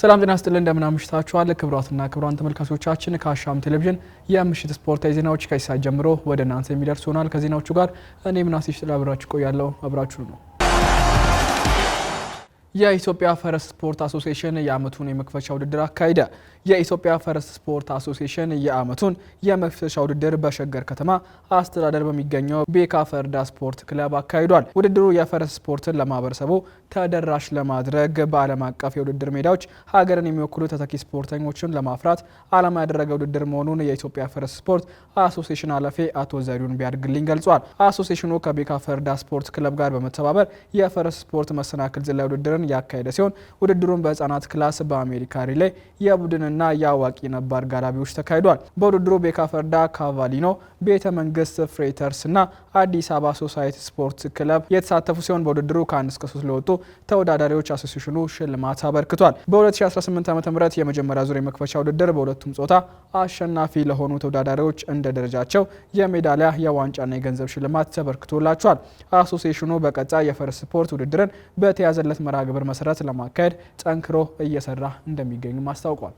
ሰላም ጤና ስጥልን እንደምን አምሽታችኋል። ክብሯትና ተመልካቾቻችን ከአሻም ቴሌቪዥን የምሽት ስፖርታዊ ዜናዎች ከሳት ጀምሮ ወደ እናንተ የሚደርስ ይሆናል። ከዜናዎቹ ጋር እኔ ምናሴ ሽጥል አብራችሁ ቆያለሁ። አብራችሁ ነው። የኢትዮጵያ ፈረስ ስፖርት አሶሲሽን የአመቱን የመክፈቻ ውድድር አካሄደ። የኢትዮጵያ ፈረስ ስፖርት አሶሲሽን የዓመቱን የመፍሻ ውድድር በሸገር ከተማ አስተዳደር በሚገኘው ቤካ ፈርዳ ስፖርት ክለብ አካሂዷል። ውድድሩ የፈረስ ስፖርትን ለማህበረሰቡ ተደራሽ ለማድረግ በዓለም አቀፍ የውድድር ሜዳዎች ሀገርን የሚወክሉ ተተኪ ስፖርተኞችን ለማፍራት ዓላማ ያደረገ ውድድር መሆኑን የኢትዮጵያ ፈረስ ስፖርት አሶሲሽን ኃላፊ አቶ ዘሪሁን ቢያድግልኝ ገልጿል። አሶሲሽኑ ከቤካ ፈርዳ ስፖርት ክለብ ጋር በመተባበር የፈረስ ስፖርት መሰናክል ዝላይ ውድድርን ያካሄደ ሲሆን ውድድሩን በህጻናት ክላስ በአሜሪካ ሪሌ የቡድንን ና የአዋቂ ነባር ጋላቢዎች ተካሂዷል። በውድድሩ ቤካፈርዳ ካቫሊኖ፣ ቤተ መንግስት ፍሬተርስ እና አዲስ አበባ ሶሳይቲ ስፖርት ክለብ የተሳተፉ ሲሆን በውድድሩ ከአንድ እስከ ሶስት ለወጡ ተወዳዳሪዎች አሶሲሽኑ ሽልማት አበርክቷል። በ2018 ዓ ም የመጀመሪያ ዙር የመክፈቻ ውድድር በሁለቱም ጾታ አሸናፊ ለሆኑ ተወዳዳሪዎች እንደ ደረጃቸው የሜዳሊያ የዋንጫና የገንዘብ ሽልማት ተበርክቶላቸዋል። አሶሲሽኑ በቀጣይ የፈረስ ስፖርት ውድድርን በተያዘለት መርሃ ግብር መሰረት ለማካሄድ ጠንክሮ እየሰራ እንደሚገኝም አስታውቋል።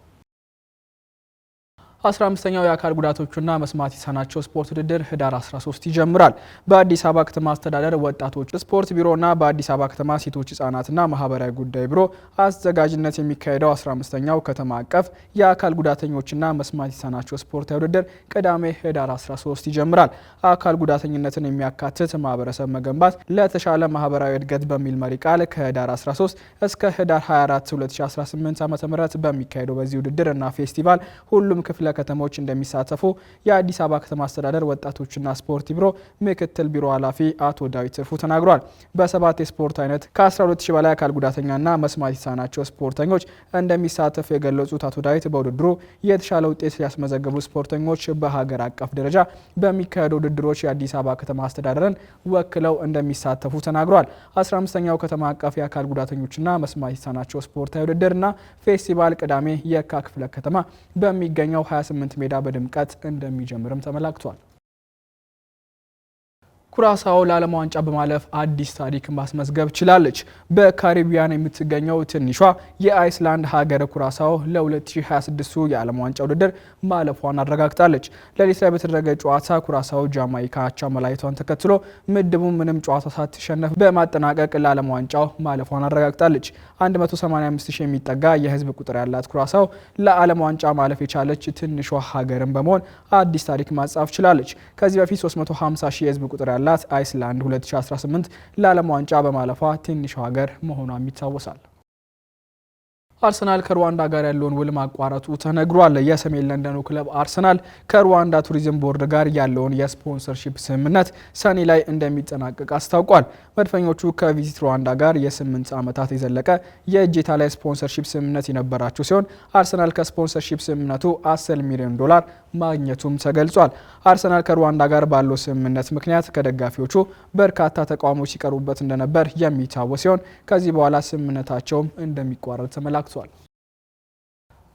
15ኛው የአካል ጉዳቶችና መስማት የተሳናቸው ስፖርት ውድድር ህዳር 13 ይጀምራል። በአዲስ አበባ ከተማ አስተዳደር ወጣቶች ስፖርት ቢሮና በአዲስ አበባ ከተማ ሴቶች ህጻናትና ማህበራዊ ጉዳይ ቢሮ አዘጋጅነት የሚካሄደው 15ኛው ከተማ አቀፍ የአካል ጉዳተኞችና መስማት የተሳናቸው ስፖርት ውድድር ቅዳሜ ህዳር 13 ይጀምራል። አካል ጉዳተኝነትን የሚያካትት ማህበረሰብ መገንባት ለተሻለ ማህበራዊ እድገት በሚል መሪ ቃል ከህዳር 13 እስከ ህዳር 24 2018 ዓ ም በሚካሄደው በዚህ ውድድር እና ፌስቲቫል ሁሉም ክፍለ ክፍለ ከተሞች እንደሚሳተፉ የአዲስ አበባ ከተማ አስተዳደር ወጣቶችና ስፖርት ቢሮ ምክትል ቢሮ ኃላፊ አቶ ዳዊት ትርፉ ተናግሯል። በሰባት የስፖርት አይነት ከ120 በላይ አካል ጉዳተኛና መስማት የተሳናቸው ስፖርተኞች እንደሚሳተፉ የገለጹት አቶ ዳዊት በውድድሩ የተሻለ ውጤት ያስመዘገቡ ስፖርተኞች በሀገር አቀፍ ደረጃ በሚካሄዱ ውድድሮች የአዲስ አበባ ከተማ አስተዳደርን ወክለው እንደሚሳተፉ ተናግሯል። 15ኛው ከተማ አቀፍ የአካል ጉዳተኞችና መስማት የተሳናቸው ስፖርታዊ ውድድርና ፌስቲቫል ቅዳሜ የካ ክፍለ ከተማ በሚገኘው 28 ሜዳ በድምቀት እንደሚጀምርም ተመላክቷል። ኩራሳው ለዓለም ዋንጫ በማለፍ አዲስ ታሪክ ማስመዝገብ ችላለች። በካሪቢያን የምትገኘው ትንሿ የአይስላንድ ሀገረ ኩራሳው ለ 2026 የዓለም ዋንጫ ውድድር ማለፏን አረጋግጣለች። ሌሊት ላይ በተደረገ ጨዋታ ኩራሳው ጃማይካ አቻ መለያየቷን ተከትሎ ምድቡ ምንም ጨዋታ ሳትሸነፍ በማጠናቀቅ ለዓለም ዋንጫው ማለፏን አረጋግጣለች። 185 የሚጠጋ የህዝብ ቁጥር ያላት ኩራሳው ለዓለም ዋንጫ ማለፍ የቻለች ትንሿ ሀገርን በመሆን አዲስ ታሪክ ማጻፍ ችላለች። ከዚህ በፊት 350 የህዝብ ቁጥር ያላት ያላት አይስላንድ 2018 ለዓለም ዋንጫ በማለፏ ትንሿ ሀገር መሆኗም ይታወሳል። አርሰናል ከሩዋንዳ ጋር ያለውን ውል ማቋረጡ ተነግሯል። የሰሜን ለንደኑ ክለብ አርሰናል ከሩዋንዳ ቱሪዝም ቦርድ ጋር ያለውን የስፖንሰርሺፕ ስምምነት ሰኔ ላይ እንደሚጠናቀቅ አስታውቋል። መድፈኞቹ ከቪዚት ሩዋንዳ ጋር የስምንት ዓመታት የዘለቀ የእጀታ ላይ ስፖንሰርሺፕ ስምምነት የነበራቸው ሲሆን አርሰናል ከስፖንሰርሺፕ ስምምነቱ 10 ሚሊዮን ዶላር ማግኘቱም ተገልጿል። አርሰናል ከሩዋንዳ ጋር ባለው ስምምነት ምክንያት ከደጋፊዎቹ በርካታ ተቃውሞች ሲቀርቡበት እንደነበር የሚታወስ ሲሆን ከዚህ በኋላ ስምምነታቸውም እንደሚቋረጥ ተመላክቷል።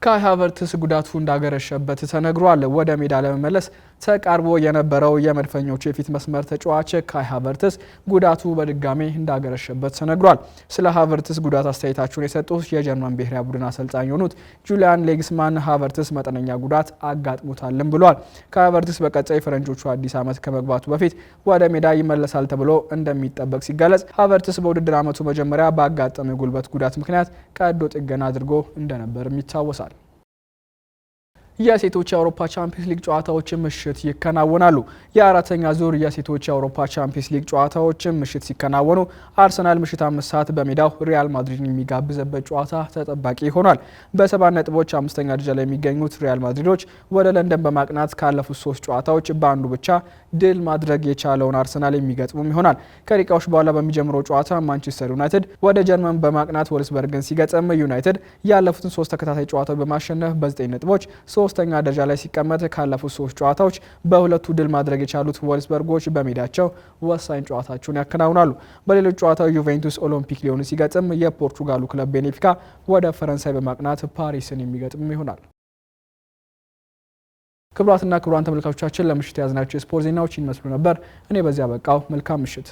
ካይ ሃቨርትስ ጉዳቱ እንዳገረሸበት ተነግሯል። ወደ ሜዳ ለመመለስ ተቃርቦ የነበረው የመድፈኞቹ የፊት መስመር ተጫዋች ካይ ሀቨርትስ ጉዳቱ በድጋሜ እንዳገረሸበት ተነግሯል። ስለ ሀቨርትስ ጉዳት አስተያየታቸውን የሰጡት የጀርመን ብሔራዊ ቡድን አሰልጣኝ የሆኑት ጁሊያን ሌግስማን ሀቨርትስ መጠነኛ ጉዳት አጋጥሞታልም ብሏል። ካይ ሃቨርትስ በቀጣይ ፈረንጆቹ አዲስ ዓመት ከመግባቱ በፊት ወደ ሜዳ ይመለሳል ተብሎ እንደሚጠበቅ ሲገለጽ፣ ሀቨርትስ በውድድር ዓመቱ መጀመሪያ ባጋጠመው የጉልበት ጉዳት ምክንያት ቀዶ ጥገና አድርጎ እንደነበርም ይታወሳል። የሴቶች የአውሮፓ ቻምፒየንስ ሊግ ጨዋታዎች ምሽት ይከናወናሉ። የአራተኛ ዙር የሴቶች የአውሮፓ ቻምፒየንስ ሊግ ጨዋታዎች ምሽት ሲከናወኑ አርሰናል ምሽት አምስት ሰዓት በሜዳው ሪያል ማድሪድን የሚጋብዘበት ጨዋታ ተጠባቂ ይሆናል። በሰባት ነጥቦች አምስተኛ ደረጃ ላይ የሚገኙት ሪያል ማድሪዶች ወደ ለንደን በማቅናት ካለፉት ሶስት ጨዋታዎች በአንዱ ብቻ ድል ማድረግ የቻለውን አርሰናል የሚገጥሙም ይሆናል። ከደቂቃዎች በኋላ በሚጀምረው ጨዋታ ማንቸስተር ዩናይትድ ወደ ጀርመን በማቅናት ወልስበርግን ሲገጥም ዩናይትድ ያለፉትን ሶስት ተከታታይ ጨዋታዎች በማሸነፍ በዘጠኝ ነጥቦች ሶስተኛ ደረጃ ላይ ሲቀመጥ ካለፉት ሶስት ጨዋታዎች በሁለቱ ድል ማድረግ የቻሉት ወልስበርጎች በሜዳቸው ወሳኝ ጨዋታቸውን ያከናውናሉ። በሌሎች ጨዋታ ዩቬንቱስ ኦሎምፒክ ሊዮን ሲገጥም፣ የፖርቹጋሉ ክለብ ቤኔፊካ ወደ ፈረንሳይ በማቅናት ፓሪስን የሚገጥም ይሆናል። ክቡራትና ክቡራን ተመልካቾቻችን ለምሽት የያዝናቸው የስፖርት ዜናዎች ይመስሉ ነበር። እኔ በዚያ በቃው። መልካም ምሽት